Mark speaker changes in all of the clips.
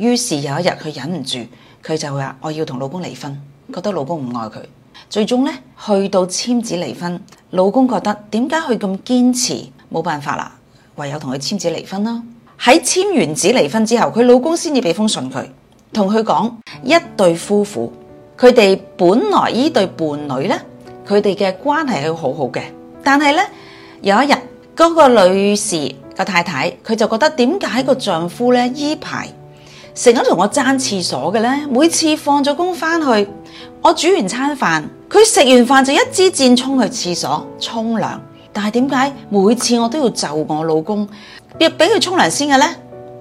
Speaker 1: 於是有一日，佢忍唔住，佢就話：我要同老公離婚，覺得老公唔愛佢。最終呢，去到簽紙離婚，老公覺得點解佢咁堅持？冇辦法啦，唯有同佢簽紙離婚囉。喺簽完紙離婚之後，佢老公先至俾封信佢，同佢講：一對夫婦佢哋本來依對伴侶呢，佢哋嘅關係係好好嘅，但係呢，有一日嗰個女士，個太太佢就覺得點解個丈夫呢，依排，成日同我爭廁所嘅咧，每次放咗工翻去，我煮完餐飯，佢食完飯就一支箭衝去廁所沖涼。但係點解每次我都要就我老公，要俾佢沖涼先嘅咧？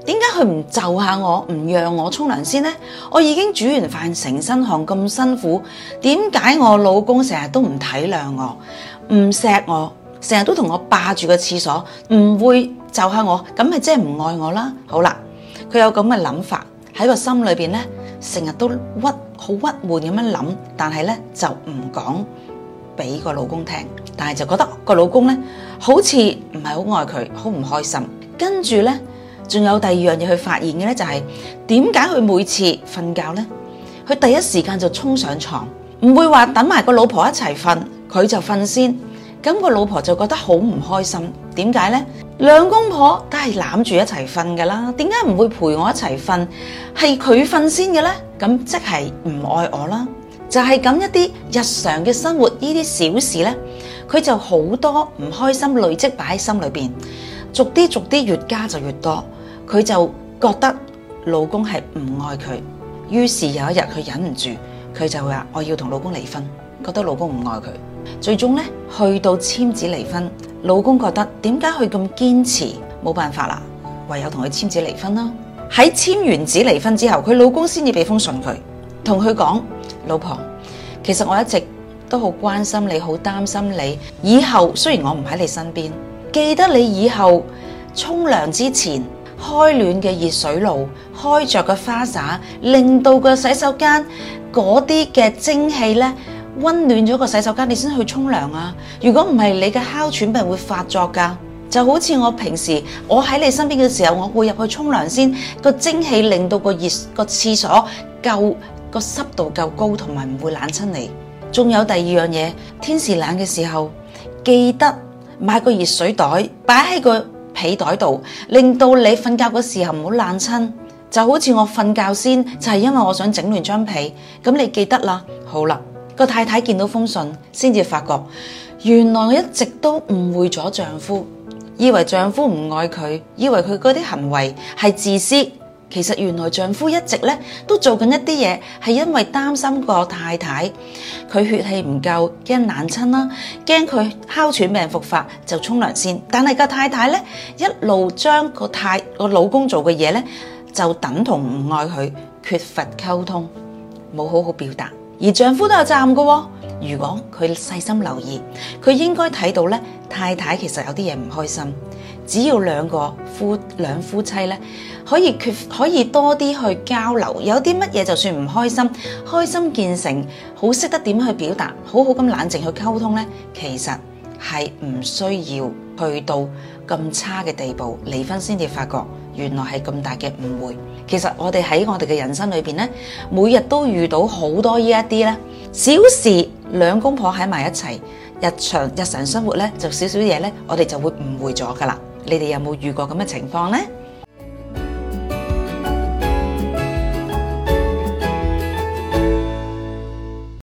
Speaker 1: 點解佢唔就下我，唔讓我沖涼先咧？我已經煮完飯，成身汗咁辛苦，點解我老公成日都唔體諒我，唔錫我，成日都同我霸住個廁所，唔會就下我，咁咪即係唔愛我啦？好啦。佢有咁嘅諗法，喺個心裏邊呢，成日都鬱好鬱悶咁樣諗，但係呢，就唔講俾個老公聽，但係就覺得個老公呢，好似唔係好愛佢，好唔開心。跟住呢，仲有第二樣嘢去發現嘅呢，就係點解佢每次瞓覺呢，佢第一時間就衝上床，唔會話等埋個老婆一齊瞓，佢就瞓先，咁個老婆就覺得好唔開心。點解呢？兩公婆梗係攬住一齊瞓噶啦，點解唔會陪我一齊瞓？係佢瞓先嘅咧，咁即係唔愛我啦。就係咁一啲日常嘅生活，呢啲小事咧，佢就好多唔開心累積擺喺心裏邊，逐啲逐啲越加就越多，佢就覺得老公係唔愛佢。於是有一日佢忍唔住，佢就話我要同老公離婚，覺得老公唔愛佢。最終咧去到簽字離婚。老公覺得點解佢咁堅持，冇辦法啦，唯有同佢簽紙離婚啦。喺簽完紙離婚之後，佢老公先至俾封信佢，同佢講：老婆，其實我一直都好關心你，好擔心你。以後雖然我唔喺你身邊，記得你以後沖涼之前，開暖嘅熱水爐，開着個花灑，令到個洗手間嗰啲嘅蒸汽呢。」溫暖咗個洗手間，你先去沖涼啊！如果唔係，你嘅哮喘病會發作噶。就好似我平時我喺你身邊嘅時候，我會入去沖涼先個蒸汽，令到個熱個廁所夠個濕度夠高，同埋唔會冷親你。仲有第二樣嘢，天時冷嘅時候，記得買個熱水袋擺喺個被袋度，令到你瞓覺嘅時候唔好冷親。就好似我瞓覺先就係因為我想整亂張被咁，你記得啦。好啦。個太太見到封信，先至發覺，原來我一直都誤會咗丈夫，以為丈夫唔愛佢，以為佢嗰啲行為係自私。其實原來丈夫一直咧都做緊一啲嘢，係因為擔心個太太，佢血氣唔夠，驚冷親啦，驚佢哮喘病復發就沖涼先。但係個太太咧一路將個太個老公做嘅嘢咧，就等同唔愛佢，缺乏溝通，冇好好表達。而丈夫都有責任嘅喎，如果佢細心留意，佢應該睇到呢，太太其實有啲嘢唔開心。只要兩個夫兩夫妻呢，可以缺可以多啲去交流，有啲乜嘢就算唔開心，開心見誠，好識得點去表達，好好咁冷靜去溝通呢。其實。係唔需要去到咁差嘅地步，離婚先至發覺原來係咁大嘅誤會。其實我哋喺我哋嘅人生裏邊呢，每日都遇到好多呢一啲呢小事，兩公婆喺埋一齊，日常日常生活呢，就少少嘢呢，我哋就會誤會咗噶啦。你哋有冇遇過咁嘅情況呢？